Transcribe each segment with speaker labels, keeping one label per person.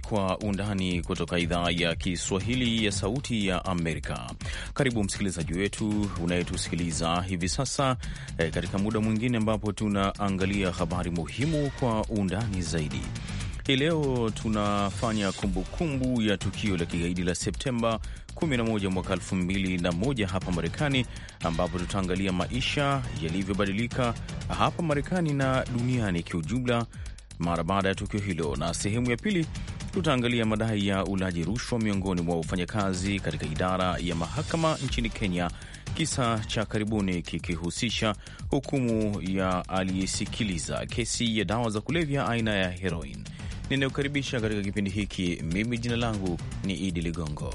Speaker 1: Kwa Undani kutoka idhaa ya Kiswahili ya Sauti ya Amerika. Karibu msikilizaji wetu unayetusikiliza hivi sasa e, katika muda mwingine ambapo tunaangalia habari muhimu kwa undani zaidi. Hii leo tunafanya kumbukumbu kumbu ya tukio la kigaidi la Septemba 11 mwaka 2001 hapa Marekani, ambapo tutaangalia maisha yalivyobadilika hapa Marekani na duniani kiujumla mara baada ya tukio hilo, na sehemu ya pili Tutaangalia madai ya ulaji rushwa miongoni mwa wafanyakazi katika idara ya mahakama nchini Kenya, kisa cha karibuni kikihusisha hukumu ya aliyesikiliza kesi ya dawa za kulevya aina ya heroin. Ninayokaribisha katika kipindi hiki, mimi jina langu ni Idi Ligongo.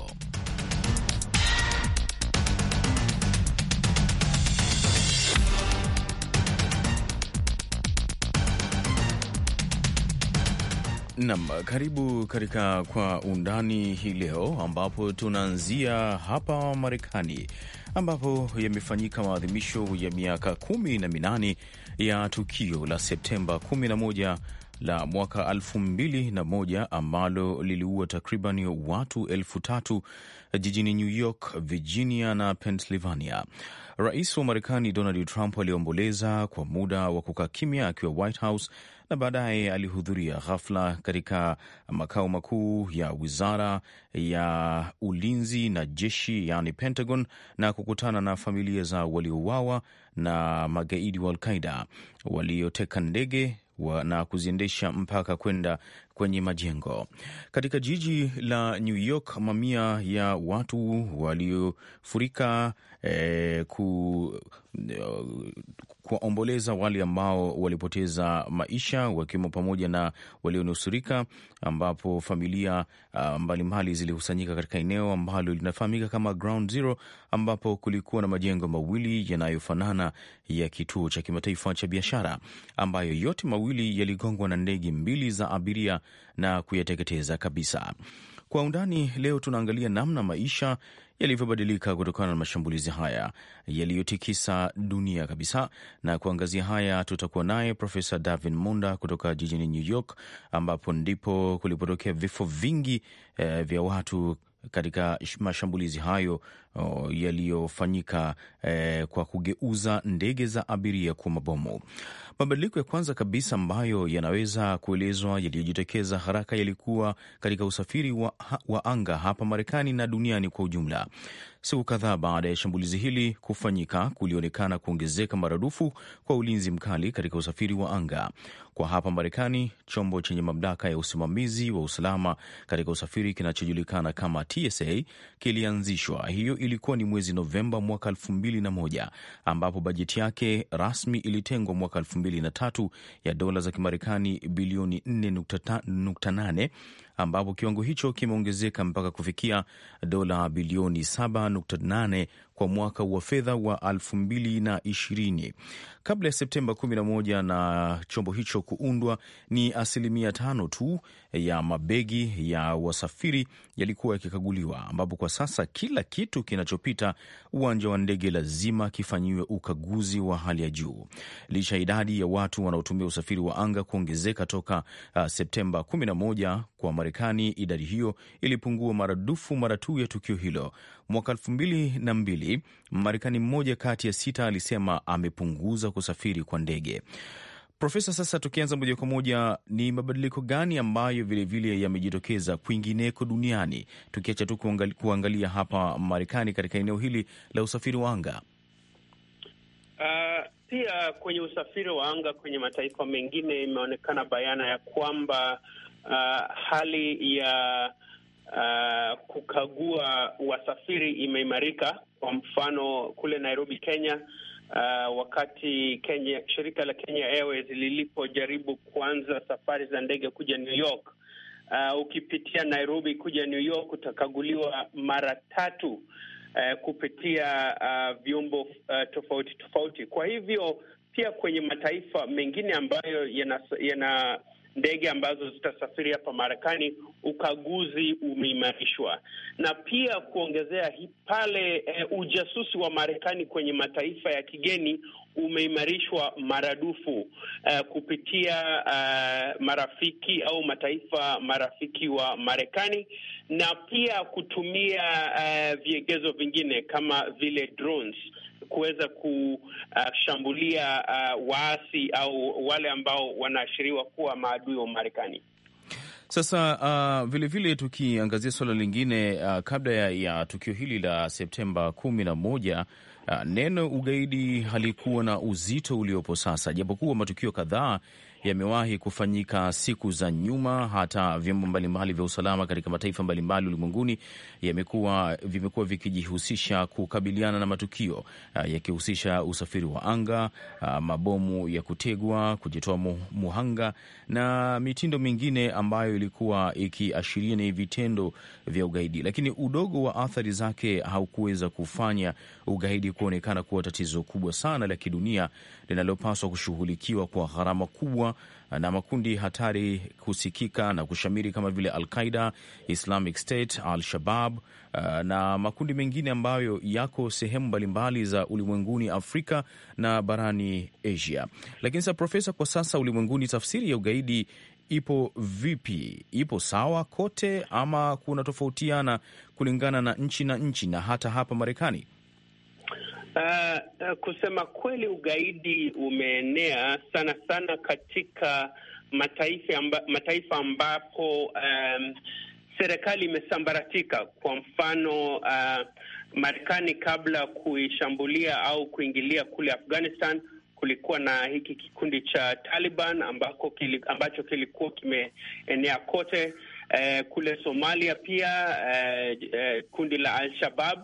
Speaker 1: Nam, karibu katika Kwa Undani hii leo, ambapo tunaanzia hapa Marekani, ambapo yamefanyika maadhimisho ya miaka kumi na minane ya tukio la Septemba 11 la mwaka 21 ambalo liliua takriban watu elfu tatu jijini New York, Virginia na Pennsylvania. Rais wa Marekani Donald Trump aliomboleza kwa muda wa kukaa kimya akiwa White House na baadaye alihudhuria ghafla katika makao makuu ya wizara ya ulinzi na jeshi, yani Pentagon, na kukutana na familia za waliouawa na magaidi wa Alqaida walioteka ndege wa, na kuziendesha mpaka kwenda kwenye majengo. Katika jiji la New York, mamia ya watu waliofurika eh, ku eh, kuwaomboleza wale ambao walipoteza maisha wakiwemo pamoja na walionusurika, ambapo familia ah, mbalimbali zilikusanyika katika eneo ambalo linafahamika kama Ground Zero, ambapo kulikuwa na majengo mawili yanayofanana ya kituo cha kimataifa cha biashara, ambayo yote mawili yaligongwa na ndege mbili za abiria na kuyateketeza kabisa. Kwa undani leo tunaangalia namna maisha yalivyobadilika kutokana na mashambulizi haya yaliyotikisa dunia kabisa, na kuangazia haya tutakuwa naye Profesa Davin Munda kutoka jijini New York, ambapo ndipo kulipotokea vifo vingi eh, vya watu katika mashambulizi hayo yaliyofanyika eh, kwa kugeuza ndege za abiria kuwa mabomu. Mabadiliko ya kwanza kabisa ambayo yanaweza kuelezwa yaliyojitokeza haraka yalikuwa katika usafiri wa, wa anga hapa Marekani na duniani kwa ujumla. Siku kadhaa baada ya shambulizi hili kufanyika, kulionekana kuongezeka maradufu kwa ulinzi mkali katika usafiri wa anga kwa hapa Marekani. Chombo chenye mamlaka ya usimamizi wa usalama katika usafiri kinachojulikana kama TSA kilianzishwa hiyo ilikuwa ni mwezi Novemba mwaka moja ambapo bajeti yake rasmi ilitengwa mwaka na tatu ya dola za Kimarekani bilioni 4.8 ambapo kiwango hicho kimeongezeka mpaka kufikia dola bilioni 7.8 kwa mwaka wa fedha wa 2020. Kabla ya Septemba 11 na chombo hicho kuundwa, ni asilimia tano tu ya mabegi ya wasafiri yalikuwa yakikaguliwa, ambapo kwa sasa kila kitu kinachopita uwanja wa ndege lazima kifanyiwe ukaguzi wa hali ya juu. Licha ya idadi ya watu wanaotumia usafiri wa anga kuongezeka toka uh, Septemba 11 kwa Marekani, idadi hiyo ilipungua maradufu mara tu ya tukio hilo. Mwaka elfu mbili na mbili Marekani mmoja kati ya sita alisema amepunguza kusafiri kwa ndege. Profesa, sasa tukianza moja kwa moja, ni mabadiliko gani ambayo vilevile yamejitokeza kwingineko duniani, tukiacha tu kuangalia, kuangalia hapa Marekani katika eneo hili la usafiri wa anga?
Speaker 2: Uh, pia kwenye usafiri wa anga kwenye mataifa mengine imeonekana bayana ya kwamba uh, hali ya uh, kukagua wasafiri imeimarika. Kwa mfano kule Nairobi, Kenya, uh, wakati Kenya, shirika la Kenya Airways lilipojaribu kuanza safari za ndege kuja New York uh, ukipitia Nairobi kuja New York utakaguliwa mara tatu uh, kupitia uh, vyombo uh, tofauti tofauti. Kwa hivyo pia kwenye mataifa mengine ambayo yana, yana ndege ambazo zitasafiri hapa Marekani, ukaguzi umeimarishwa, na pia kuongezea pale e, ujasusi wa Marekani kwenye mataifa ya kigeni umeimarishwa maradufu uh, kupitia uh, marafiki au mataifa marafiki wa Marekani na pia kutumia uh, viegezo vingine kama vile drones kuweza kushambulia uh, waasi au wale ambao wanaashiriwa kuwa maadui wa Marekani.
Speaker 1: Sasa uh, vilevile tukiangazia suala lingine uh, kabla ya, ya tukio hili la Septemba kumi na moja uh, neno ugaidi halikuwa na uzito uliopo sasa, japokuwa matukio kadhaa yamewahi kufanyika siku za nyuma. Hata vyombo mbalimbali vya usalama katika mataifa mbalimbali ulimwenguni yamekuwa vimekuwa vikijihusisha kukabiliana na matukio ah, yakihusisha usafiri wa anga, ah, mabomu ya kutegwa, kujitoa muhanga na mitindo mingine ambayo ilikuwa ikiashiria ni vitendo vya ugaidi, lakini udogo wa athari zake haukuweza kufanya ugaidi kuonekana kuwa tatizo kubwa sana la kidunia linalopaswa kushughulikiwa kwa gharama kubwa Uh, na makundi hatari kusikika na kushamiri kama vile Al-Qaida, Islamic State, Al-Shabab uh, na makundi mengine ambayo yako sehemu mbalimbali za ulimwenguni, Afrika na barani Asia. Lakini sasa, Profesa, kwa sasa ulimwenguni tafsiri ya ugaidi ipo vipi? Ipo sawa kote ama kuna tofautiana kulingana na nchi na nchi na hata hapa Marekani?
Speaker 2: Uh, uh, kusema kweli ugaidi umeenea sana sana katika mataifa amba, mataifa ambapo um, serikali imesambaratika. Kwa mfano uh, Marekani kabla kuishambulia au kuingilia kule Afghanistan kulikuwa na hiki kikundi cha Taliban ambako kili, ambacho kilikuwa kimeenea kote. Uh, kule Somalia pia uh, uh, kundi la Al-Shabab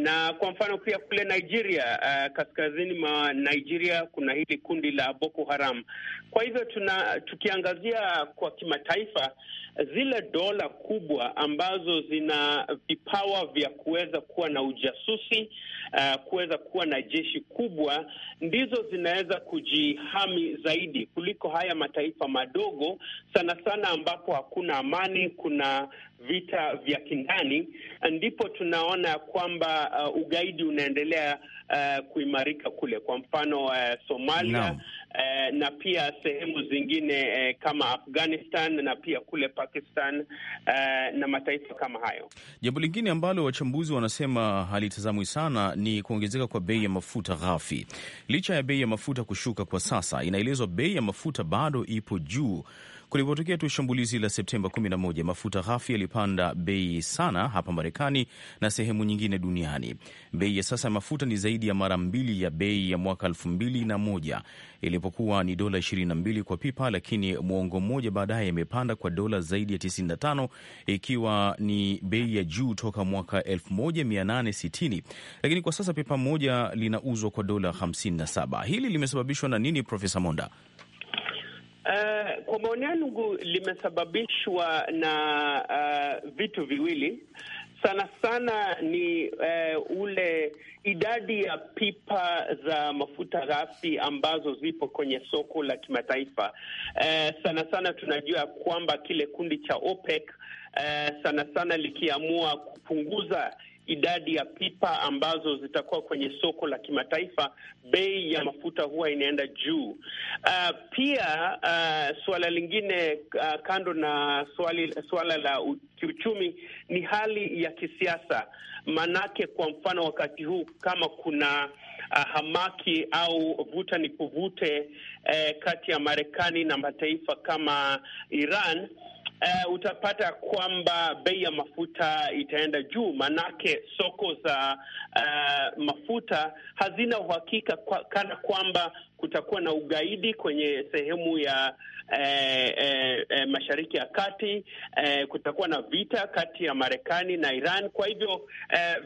Speaker 2: na kwa mfano pia kule Nigeria, uh, kaskazini mwa Nigeria kuna hili kundi la Boko Haram. Kwa hivyo tuna tukiangazia kwa kimataifa zile dola kubwa ambazo zina vipawa vya kuweza kuwa na ujasusi uh, kuweza kuwa na jeshi kubwa ndizo zinaweza kujihami zaidi kuliko haya mataifa madogo, sana sana ambapo hakuna amani, kuna vita vya kindani, ndipo tunaona kwamba uh, ugaidi unaendelea uh, kuimarika kule, kwa mfano uh, Somalia no. Uh, na pia sehemu zingine uh, kama Afghanistan na pia kule Pakistan uh, na mataifa kama hayo.
Speaker 1: Jambo lingine ambalo wachambuzi wanasema halitazamwi sana ni kuongezeka kwa bei ya mafuta ghafi. Licha ya bei ya mafuta kushuka kwa sasa, inaelezwa bei ya mafuta bado ipo juu Kulipotokea tu shambulizi la Septemba 11, mafuta ghafi yalipanda bei sana hapa Marekani na sehemu nyingine duniani. Bei ya sasa ya mafuta ni zaidi ya mara mbili ya bei ya mwaka 2001 ilipokuwa ni dola 22 kwa pipa, lakini mwongo mmoja baadaye imepanda kwa dola zaidi ya 95, ikiwa ni bei ya juu toka mwaka 1860. Lakini kwa sasa pipa moja linauzwa kwa dola 57. Hili limesababishwa na nini, Profesa Monda?
Speaker 2: Uh, kwa maoni yangu limesababishwa na uh, vitu viwili sana sana ni uh, ule idadi ya pipa za mafuta ghafi ambazo zipo kwenye soko la kimataifa. Uh, sana sana tunajua kwamba kile kundi cha OPEC uh, sana sana likiamua kupunguza idadi ya pipa ambazo zitakuwa kwenye soko la kimataifa, bei ya mafuta huwa inaenda juu. Uh, pia uh, suala lingine uh, kando na swali, suala la kiuchumi ni hali ya kisiasa, manake kwa mfano wakati huu kama kuna uh, hamaki au vuta ni kuvute uh, kati ya Marekani na mataifa kama Iran uh, utapata kwamba bei ya mafuta itaenda juu, manake soko za uh, mafuta hazina uhakika kwa, kana kwamba kutakuwa na ugaidi kwenye sehemu ya eh, eh, eh, Mashariki ya Kati eh, kutakuwa na vita kati ya Marekani na Iran. Kwa hivyo eh,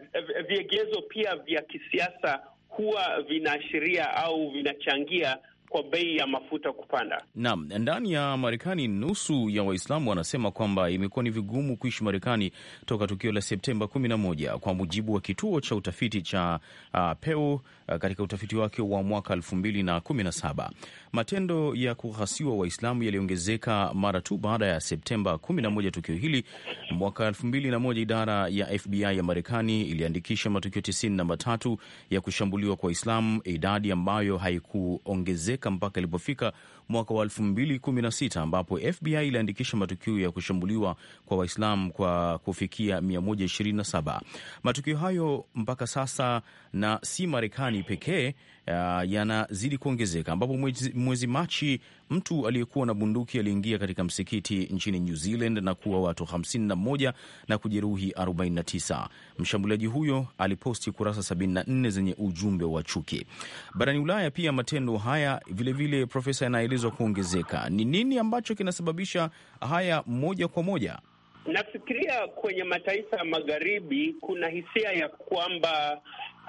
Speaker 2: viegezo pia vya kisiasa huwa vinaashiria au vinachangia kwa bei ya mafuta kupanda.
Speaker 1: Naam, ndani ya Marekani nusu ya Waislamu wanasema kwamba imekuwa ni vigumu kuishi Marekani toka tukio la Septemba kumi na moja, kwa mujibu wa kituo cha utafiti cha uh, Pew Uh, katika utafiti wake wa mwaka 2017. Matendo ya kughasiwa Waislamu yaliongezeka mara tu baada ya Septemba 11 tukio hili. Mwaka 2001 idara ya FBI ya Marekani iliandikisha matukio 93 na matatu ya kushambuliwa kwa Waislamu, idadi ambayo haikuongezeka mpaka ilipofika mwaka wa 2016 ambapo FBI iliandikisha matukio ya kushambuliwa kwa Waislamu kwa kufikia 127. Matukio hayo mpaka sasa na si Marekani Marekani pekee uh, yanazidi kuongezeka ambapo mwezi, mwezi Machi mtu aliyekuwa na bunduki aliingia katika msikiti nchini New Zealand na kuwa watu 51 na kujeruhi 49. Mshambuliaji huyo aliposti kurasa 74 zenye ujumbe wa chuki. Barani Ulaya pia matendo haya vilevile, profesa, yanaelezwa kuongezeka. Ni nini ambacho kinasababisha haya moja kwa moja?
Speaker 2: Nafikiria kwenye mataifa ya magharibi kuna hisia ya kwamba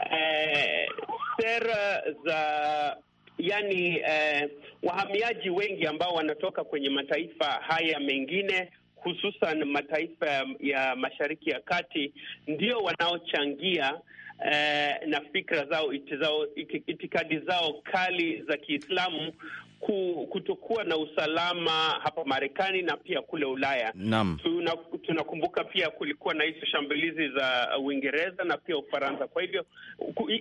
Speaker 2: eh, sera za yani eh, wahamiaji wengi ambao wanatoka kwenye mataifa haya mengine hususan mataifa ya Mashariki ya Kati ndio wanaochangia eh, na fikra zao, iti, itikadi zao kali za Kiislamu kutokuwa na usalama hapa Marekani na pia kule Ulaya. Naam. Tuna, tunakumbuka pia kulikuwa na hizo shambulizi za Uingereza na pia Ufaransa. Kwa hivyo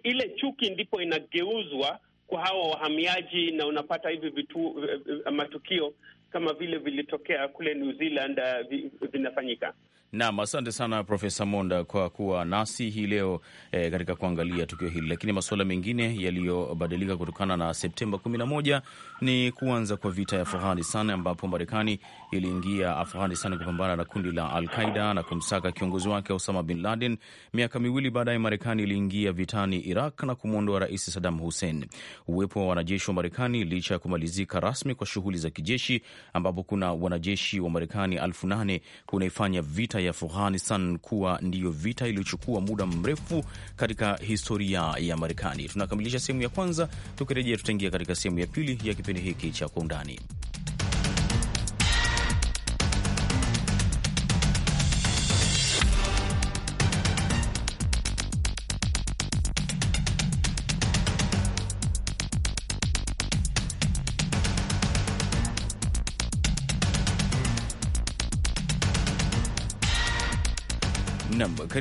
Speaker 2: ile chuki ndipo inageuzwa kwa hawa wahamiaji, na unapata hivi vitu eh, matukio kama vile vilitokea kule New Zealand eh, vinafanyika.
Speaker 1: Nam, asante sana Profesa Monda kwa kuwa nasi hii leo e, katika kuangalia tukio hili. Lakini masuala mengine yaliyobadilika kutokana na Septemba 11 ni kuanza kwa vita ya Afghanistan, ambapo Marekani iliingia Afghanistan kupambana na kundi la Qaida na kumsaka kiongozi wake Osama bin Laden. Miaka miwili baadaye, Marekani iliingia vitani Iraq na kumwondoa Rais Saddam Hussein. Uwepo wa wanajeshi wa Marekani licha ya kumalizika rasmi kwa shughuli za kijeshi, ambapo kuna wanajeshi wa Marekani elfu nane kunaifanya vita ya Afghanistan kuwa ndiyo vita iliyochukua muda mrefu katika historia ya Marekani. Tunakamilisha sehemu ya kwanza, tukirejea tutaingia katika sehemu ya pili ya kipindi hiki cha Kwa Undani.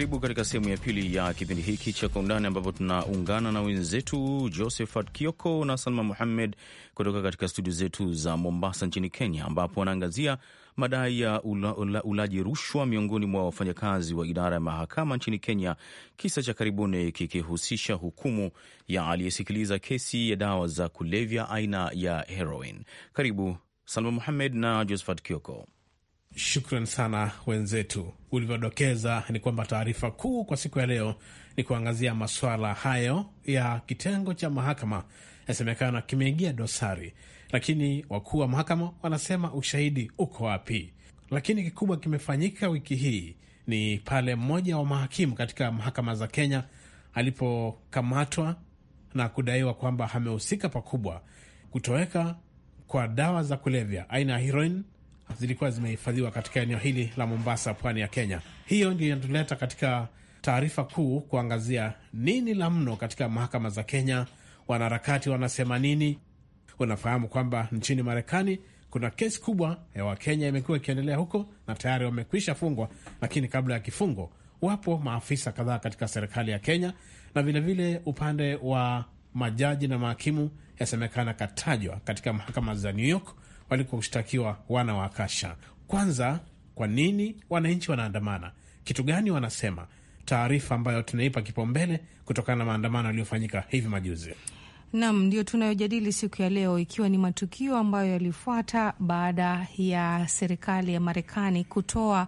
Speaker 1: Karibu katika sehemu ya pili ya kipindi hiki cha Kwa Undani, ambapo tunaungana na wenzetu Josephat Kioko na Salma Muhammed kutoka katika studio zetu za Mombasa nchini Kenya, ambapo wanaangazia madai ya ula, ula, ulaji rushwa miongoni mwa wafanyakazi wa idara ya mahakama nchini Kenya, kisa cha karibuni kikihusisha hukumu ya aliyesikiliza kesi ya dawa za kulevya aina ya heroin. Karibu Salma Muhammed na Josephat Kioko.
Speaker 3: Shukran sana wenzetu. Ulivyodokeza ni kwamba taarifa kuu kwa siku ya leo ni kuangazia masuala hayo ya kitengo cha mahakama, yasemekana kimeingia dosari, lakini wakuu wa mahakama wanasema ushahidi uko wapi? Lakini kikubwa kimefanyika wiki hii ni pale mmoja wa mahakimu katika mahakama za Kenya alipokamatwa na kudaiwa kwamba amehusika pakubwa kutoweka kwa dawa za kulevya aina ya heroin zilikuwa zimehifadhiwa katika eneo hili la Mombasa, pwani ya Kenya. Hiyo ndio inatuleta katika taarifa kuu kuangazia nini la mno katika mahakama za Kenya, wanaharakati wanasema nini. Unafahamu kwamba nchini Marekani kuna kesi kubwa ya Wakenya imekuwa ikiendelea huko na tayari wamekwisha fungwa, lakini kabla ya kifungo wapo maafisa kadhaa katika serikali ya Kenya na vilevile vile upande wa majaji na mahakimu yasemekana katajwa katika mahakama za New York walikoshtakiwa wana wa Kasha. Kwanza, kwa nini wananchi wanaandamana? Kitu gani wanasema? Taarifa ambayo tunaipa kipaumbele kutokana na maandamano yaliyofanyika hivi majuzi.
Speaker 4: Nam, ndio tunayojadili siku ya leo, ikiwa ni matukio ambayo yalifuata baada ya serikali ya Marekani kutoa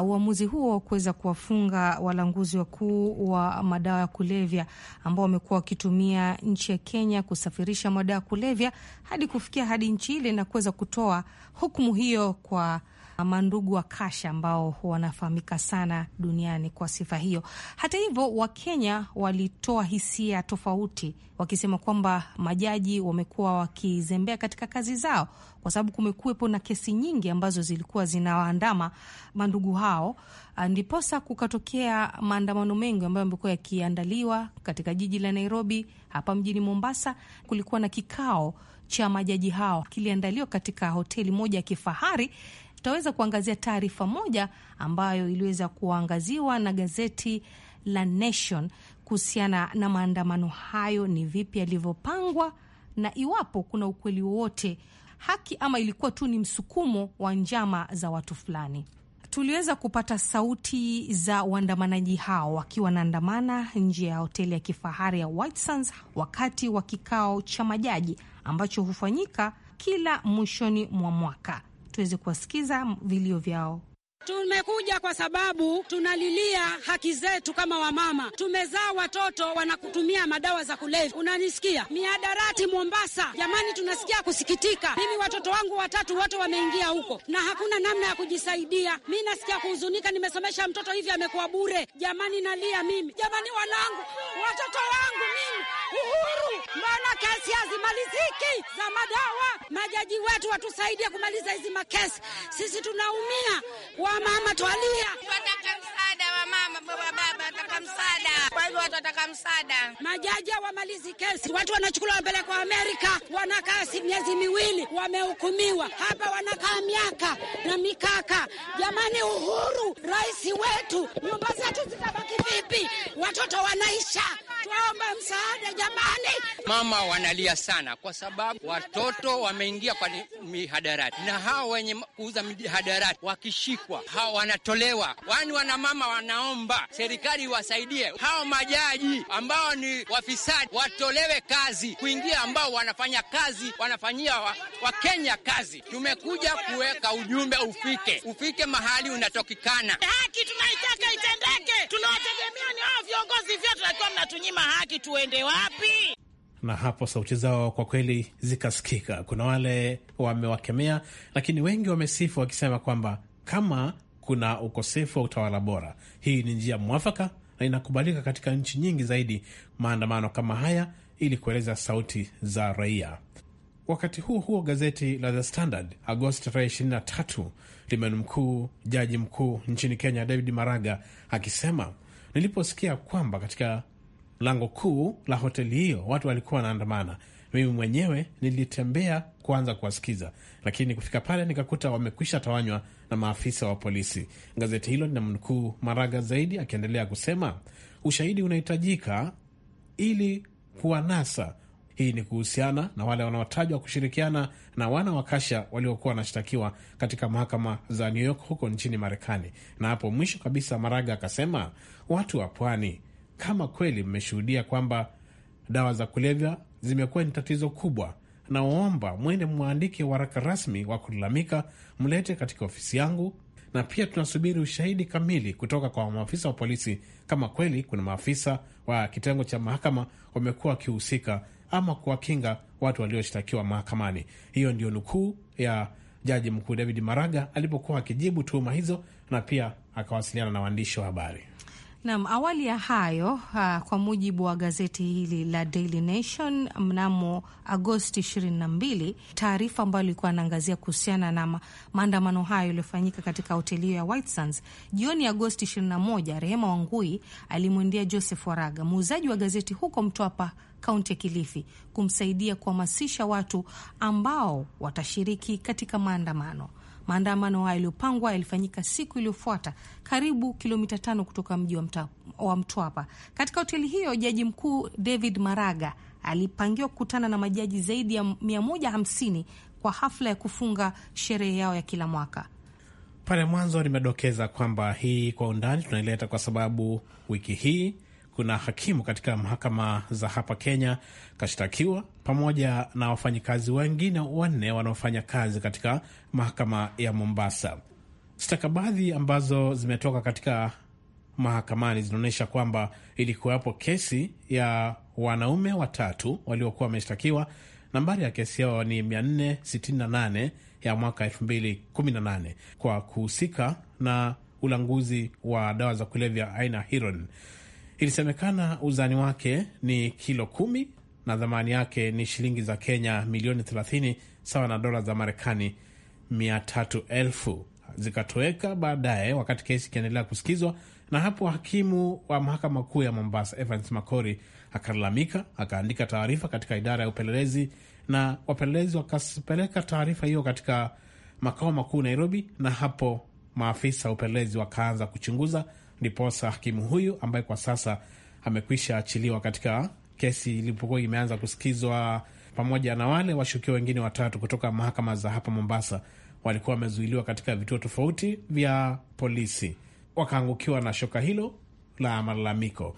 Speaker 4: uh, uamuzi huo wa kuweza kuwafunga walanguzi wakuu wa madawa ya kulevya ambao wamekuwa wakitumia nchi ya Kenya kusafirisha madawa ya kulevya hadi kufikia hadi nchi ile na kuweza kutoa hukumu hiyo kwa mandugu wa Kasha ambao wanafahamika sana duniani kwa sifa hiyo. Hata hivyo, Wakenya walitoa hisia tofauti, wakisema kwamba majaji wamekuwa wakizembea katika kazi zao, kwa sababu kumekuwepo na kesi nyingi ambazo zilikuwa zinawaandama mandugu hao, ah, ndiposa kukatokea maandamano mengi ambayo yamekuwa yakiandaliwa katika jiji la Nairobi. Hapa mjini Mombasa kulikuwa na kikao cha majaji hao kiliandaliwa katika hoteli moja ya kifahari tutaweza kuangazia taarifa moja ambayo iliweza kuangaziwa na gazeti la Nation kuhusiana na maandamano hayo, ni vipi yalivyopangwa na iwapo kuna ukweli wowote, haki ama ilikuwa tu ni msukumo wa njama za watu fulani. Tuliweza kupata sauti za waandamanaji hao wakiwa wanaandamana nje ya hoteli ya kifahari ya Whitesons wakati wa kikao cha majaji ambacho hufanyika kila mwishoni mwa mwaka tuweze kuwasikiza vilio vyao.
Speaker 5: Tumekuja kwa sababu tunalilia haki zetu kama wamama. Tumezaa watoto wanakutumia madawa za kulevya, unanisikia? Miadarati Mombasa, jamani, tunasikia kusikitika. Mimi watoto wangu watatu wote wameingia huko na hakuna namna ya kujisaidia. Mi nasikia kuhuzunika, nimesomesha mtoto hivi amekuwa bure. Jamani, nalia mimi, jamani, wanangu, watoto wangu mimi uhuru. Mbona kesi hazimaliziki za madawa? Majaji wetu watusaidie kumaliza hizi makesi, sisi tunaumia. Wamama twalia, tunataka msaada wa mama, baba msaada, kwa hivyo watu wanataka msaada. Majaji hawamalizi kesi, watu wanachukuliwa kwa Amerika, wanakaa miezi miwili, wamehukumiwa hapa, wanakaa miaka na mikaka. Jamani, uhuru, rais wetu, nyumba zetu zitabaki vipi? Watoto wanaisha, twaomba msaada jamani.
Speaker 6: Mama wanalia sana kwa sababu watoto wameingia kwa mihadarati, na hao wenye kuuza mihadarati wakishikwa, hao wanatolewa. Wani wanamama wanaomba serikali iwasaidie hao majaji ambao ni wafisadi, watolewe kazi kuingia, ambao wanafanya kazi, wanafanyia Wakenya wa kazi. Tumekuja kuweka ujumbe ufike, ufike mahali unatokikana. Haki tunaitaka itendeke, tunawategemea ni hao viongozi
Speaker 5: vyetu, akiwa mnatunyima haki, tuende wapi? wapi?
Speaker 3: Na hapo sauti zao kwa kweli zikasikika. Kuna wale wamewakemea, lakini wengi wamesifu wakisema kwamba kama kuna ukosefu wa utawala bora, hii ni njia mwafaka na inakubalika katika nchi nyingi zaidi maandamano kama haya ili kueleza sauti za raia. Wakati huo huo, gazeti la The Standard Agosti tarehe 23 limenukuu jaji mkuu nchini Kenya David Maraga akisema, niliposikia kwamba katika lango kuu la hoteli hiyo, watu walikuwa wanaandamana. Mimi mwenyewe nilitembea kuanza kuwasikiza, lakini kufika pale nikakuta wamekwisha tawanywa na maafisa wa polisi. Gazeti hilo lina mnukuu Maraga zaidi akiendelea kusema, ushahidi unahitajika ili kuwanasa. Hii ni kuhusiana na wale wanaotajwa kushirikiana na wana wa Kasha waliokuwa wanashtakiwa katika mahakama za New York huko nchini Marekani. Na hapo mwisho kabisa, Maraga akasema watu wa pwani kama kweli mmeshuhudia kwamba dawa za kulevya zimekuwa ni tatizo kubwa, naomba mwende mwandike waraka rasmi wa kulalamika, mlete katika ofisi yangu, na pia tunasubiri ushahidi kamili kutoka kwa maafisa wa polisi, kama kweli kuna maafisa wa kitengo cha mahakama wamekuwa wakihusika ama kuwakinga watu walioshtakiwa mahakamani. Hiyo ndio nukuu ya Jaji Mkuu David Maraga alipokuwa akijibu tuhuma hizo, na pia akawasiliana na waandishi wa habari.
Speaker 4: Nam, awali ya hayo uh, kwa mujibu wa gazeti hili la Daily Nation mnamo Agosti 22, taarifa ambayo ilikuwa anaangazia kuhusiana na maandamano hayo yaliyofanyika katika hoteli ya ya Sands jioni ya Agosti 21, Rehema Wangui alimwendea Joseph Waraga, muuzaji wa gazeti huko Mtwapa, kaunti ya Kilifi, kumsaidia kuhamasisha watu ambao watashiriki katika maandamano. Maandamano hayo yaliyopangwa yalifanyika siku iliyofuata karibu kilomita tano kutoka mji wa, wa Mtwapa. Katika hoteli hiyo, jaji mkuu David Maraga alipangiwa kukutana na majaji zaidi ya 150 kwa hafla ya kufunga sherehe yao ya kila mwaka.
Speaker 3: Pale mwanzo nimedokeza kwamba hii kwa undani tunaileta kwa sababu wiki hii kuna hakimu katika mahakama za hapa Kenya kashtakiwa pamoja na wafanyikazi wengine wanne wanaofanya kazi katika mahakama ya Mombasa. Stakabadhi ambazo zimetoka katika mahakamani zinaonyesha kwamba ilikuwepo kesi ya wanaume watatu waliokuwa wameshtakiwa. Nambari ya kesi yao ni 468 ya mwaka 2018 kwa kuhusika na ulanguzi wa dawa za kulevya aina heroin. Ilisemekana uzani wake ni kilo kumi na thamani yake ni shilingi za Kenya milioni 30 sawa na dola za Marekani mia tatu elfu. Zikatoweka baadaye wakati kesi ikiendelea kusikizwa, na hapo hakimu wa mahakama kuu ya Mombasa Evans Makori akalalamika, akaandika taarifa katika idara ya upelelezi, na wapelelezi wakapeleka taarifa hiyo katika makao makuu Nairobi, na hapo maafisa upelelezi wakaanza kuchunguza Ndiposa hakimu huyu ambaye kwa sasa amekwisha achiliwa katika kesi ilipokuwa imeanza kusikizwa, pamoja na wale washukiwa wengine watatu kutoka mahakama za hapa Mombasa, walikuwa wamezuiliwa katika vituo tofauti vya polisi, wakaangukiwa na shoka hilo la malalamiko.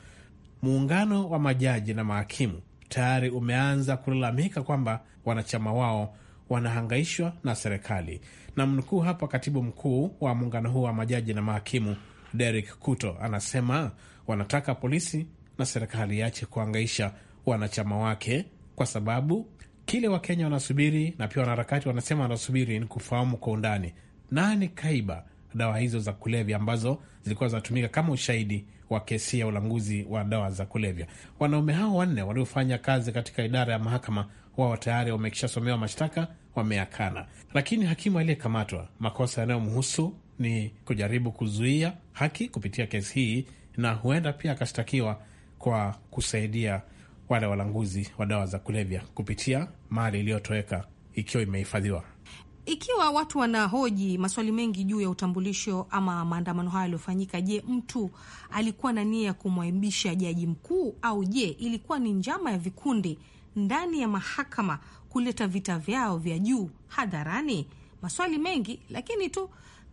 Speaker 3: Muungano wa majaji na mahakimu tayari umeanza kulalamika kwamba wanachama wao wanahangaishwa na serikali. Namnukuu hapa katibu mkuu wa muungano huu wa majaji na mahakimu Derek Kuto anasema wanataka polisi na serikali iache kuangaisha wanachama wake, kwa sababu kile Wakenya wanasubiri na pia wanaharakati wanasema wanasubiri ni kufahamu kwa undani nani kaiba dawa hizo za kulevya ambazo zilikuwa zinatumika kama ushahidi wa kesi ya ulanguzi wa dawa za kulevya. Wanaume hao wanne waliofanya kazi katika idara ya mahakama wao tayari wamekishasomewa mashtaka, wameakana. Lakini hakimu aliyekamatwa makosa yanayomhusu ni kujaribu kuzuia haki kupitia kesi hii, na huenda pia akashtakiwa kwa kusaidia wale walanguzi wa dawa za kulevya kupitia mali iliyotoweka ikiwa imehifadhiwa.
Speaker 4: Ikiwa watu wanahoji maswali mengi juu ya utambulisho ama maandamano hayo yaliyofanyika, je, mtu alikuwa na nia ya kumwaibisha jaji mkuu au je, ilikuwa ni njama ya vikundi ndani ya mahakama kuleta vita vyao vya juu hadharani? Maswali mengi, lakini tu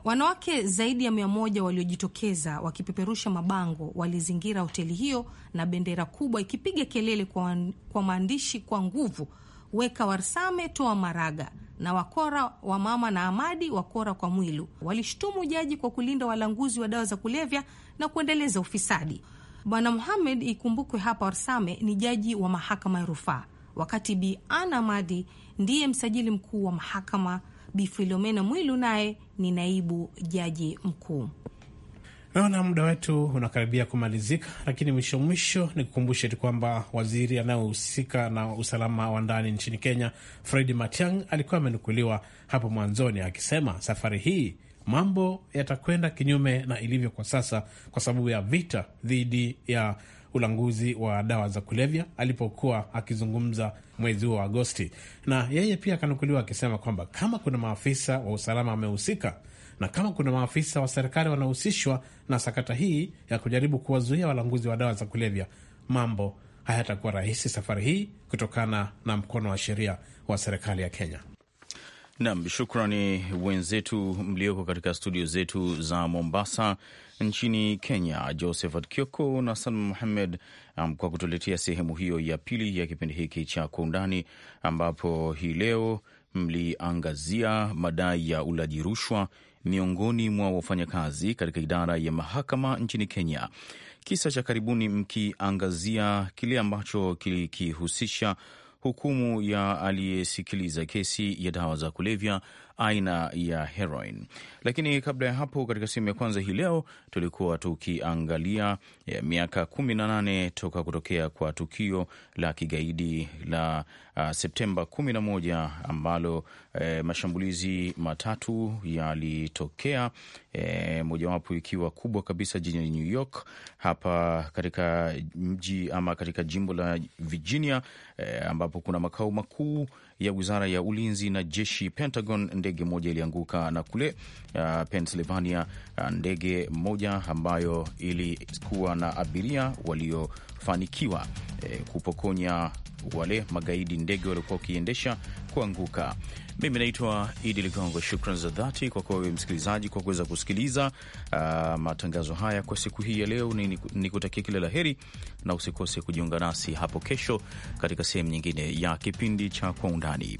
Speaker 4: Wanawake zaidi ya mia moja waliojitokeza wakipeperusha mabango walizingira hoteli hiyo na bendera kubwa ikipiga kelele kwa, kwa maandishi kwa nguvu, weka Warsame toa Maraga na wakora wa mama na Amadi wakora kwa Mwilu. Walishtumu jaji kwa kulinda walanguzi wa dawa za kulevya na kuendeleza ufisadi. Bwana Muhamed, ikumbukwe hapa Warsame ni jaji wa mahakama ya rufaa, wakati Bi Ana Amadi ndiye msajili mkuu wa mahakama Bi Filomena Mwilu naye ni naibu jaji mkuu.
Speaker 3: Naona muda wetu unakaribia kumalizika, lakini mwisho mwisho ni kukumbushe tu kwamba waziri anayehusika na usalama wa ndani nchini Kenya, Fredi Matiang, alikuwa amenukuliwa hapo mwanzoni akisema safari hii mambo yatakwenda kinyume na ilivyo kwa sasa kwa sababu ya vita dhidi ya ulanguzi wa dawa za kulevya alipokuwa akizungumza mwezi huo wa Agosti, na yeye pia akanukuliwa akisema kwamba kama kuna maafisa wa usalama wamehusika na kama kuna maafisa wa serikali wanahusishwa na sakata hii ya kujaribu kuwazuia walanguzi wa dawa za kulevya, mambo hayatakuwa rahisi safari hii kutokana na mkono wa sheria wa serikali ya Kenya.
Speaker 1: Nam, shukrani wenzetu mlioko katika studio zetu za Mombasa nchini Kenya, Josephat Kioko na Salma muhamed um, kwa kutuletea sehemu hiyo ya pili ya kipindi hiki cha Kwa Undani, ambapo hii leo mliangazia madai ya ulaji rushwa miongoni mwa wafanyakazi katika idara ya mahakama nchini Kenya, kisa cha karibuni mkiangazia kile ambacho kilikihusisha hukumu ya aliyesikiliza kesi ya dawa za kulevya aina ya heroin. Lakini kabla ya hapo, katika sehemu ya kwanza hii leo tulikuwa tukiangalia eh, miaka kumi na nane toka kutokea kwa tukio la kigaidi la uh, Septemba kumi na moja ambalo eh, mashambulizi matatu yalitokea eh, mojawapo ikiwa kubwa kabisa jijini New York hapa katika mji ama katika jimbo la Virginia eh, ambapo ambapo kuna makao makuu ya wizara ya ulinzi na jeshi Pentagon, ndege moja ilianguka, na kule uh, Pennsylvania uh, ndege moja ambayo ilikuwa na abiria waliofanikiwa eh, kupokonya wale magaidi ndege waliokuwa wakiendesha kuanguka. Mimi naitwa Idi Ligongo. Shukran za dhati kwa kuwa wewe msikilizaji kwa kuweza kusikiliza uh, matangazo haya kwa siku hii ya leo. Ni, ni, ni kutakia kila la heri na usikose kujiunga nasi hapo kesho katika sehemu nyingine ya kipindi cha Kwa Undani.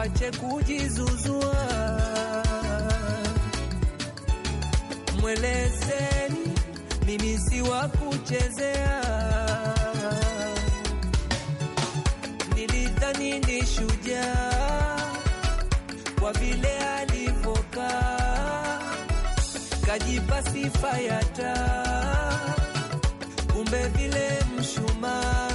Speaker 6: wache kujizuzua, mwelezeni mimi si wa kuchezea, nilidhani ni shujaa kwa vile alivokaa kajipa sifa ya taa, kumbe vile mshumaa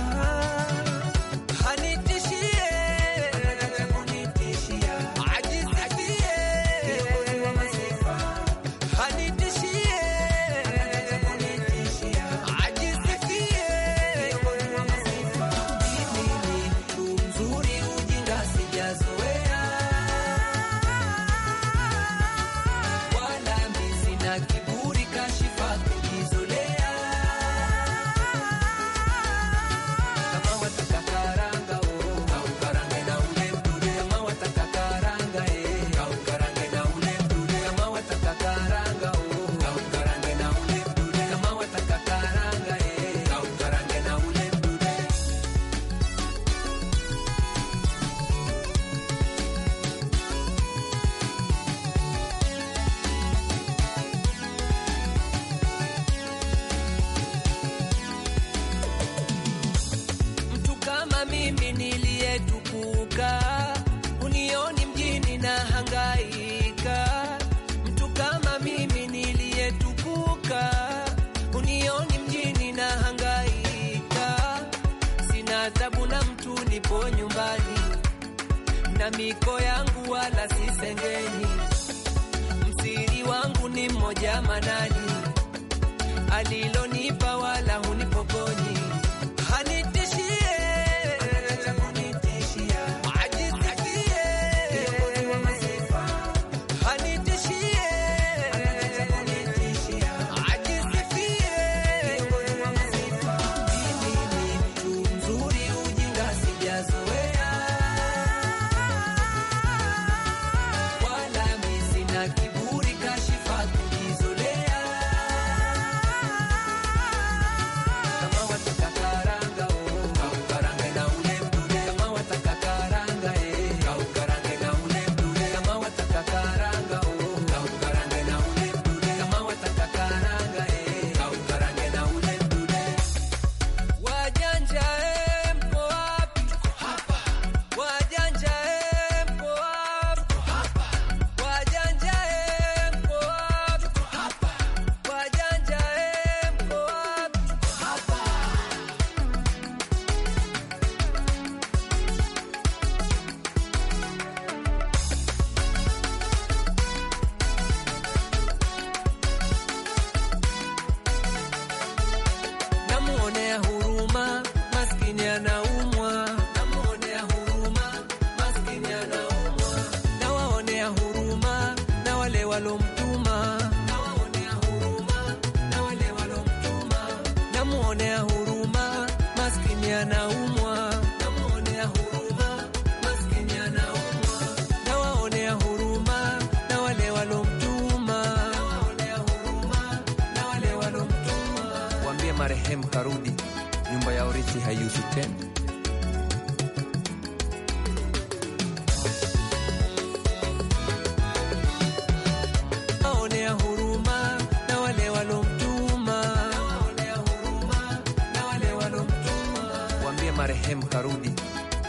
Speaker 6: marehemu karudi,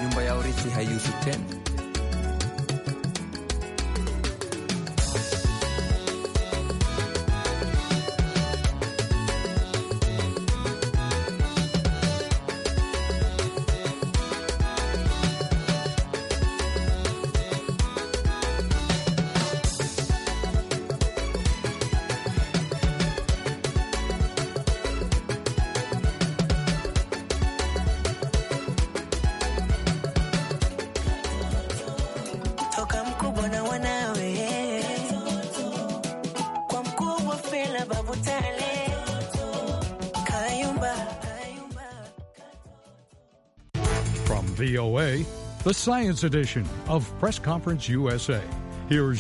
Speaker 6: nyumba ya urithi haiuzwi tena. the Science Edition of Press Conference USA. Here's your.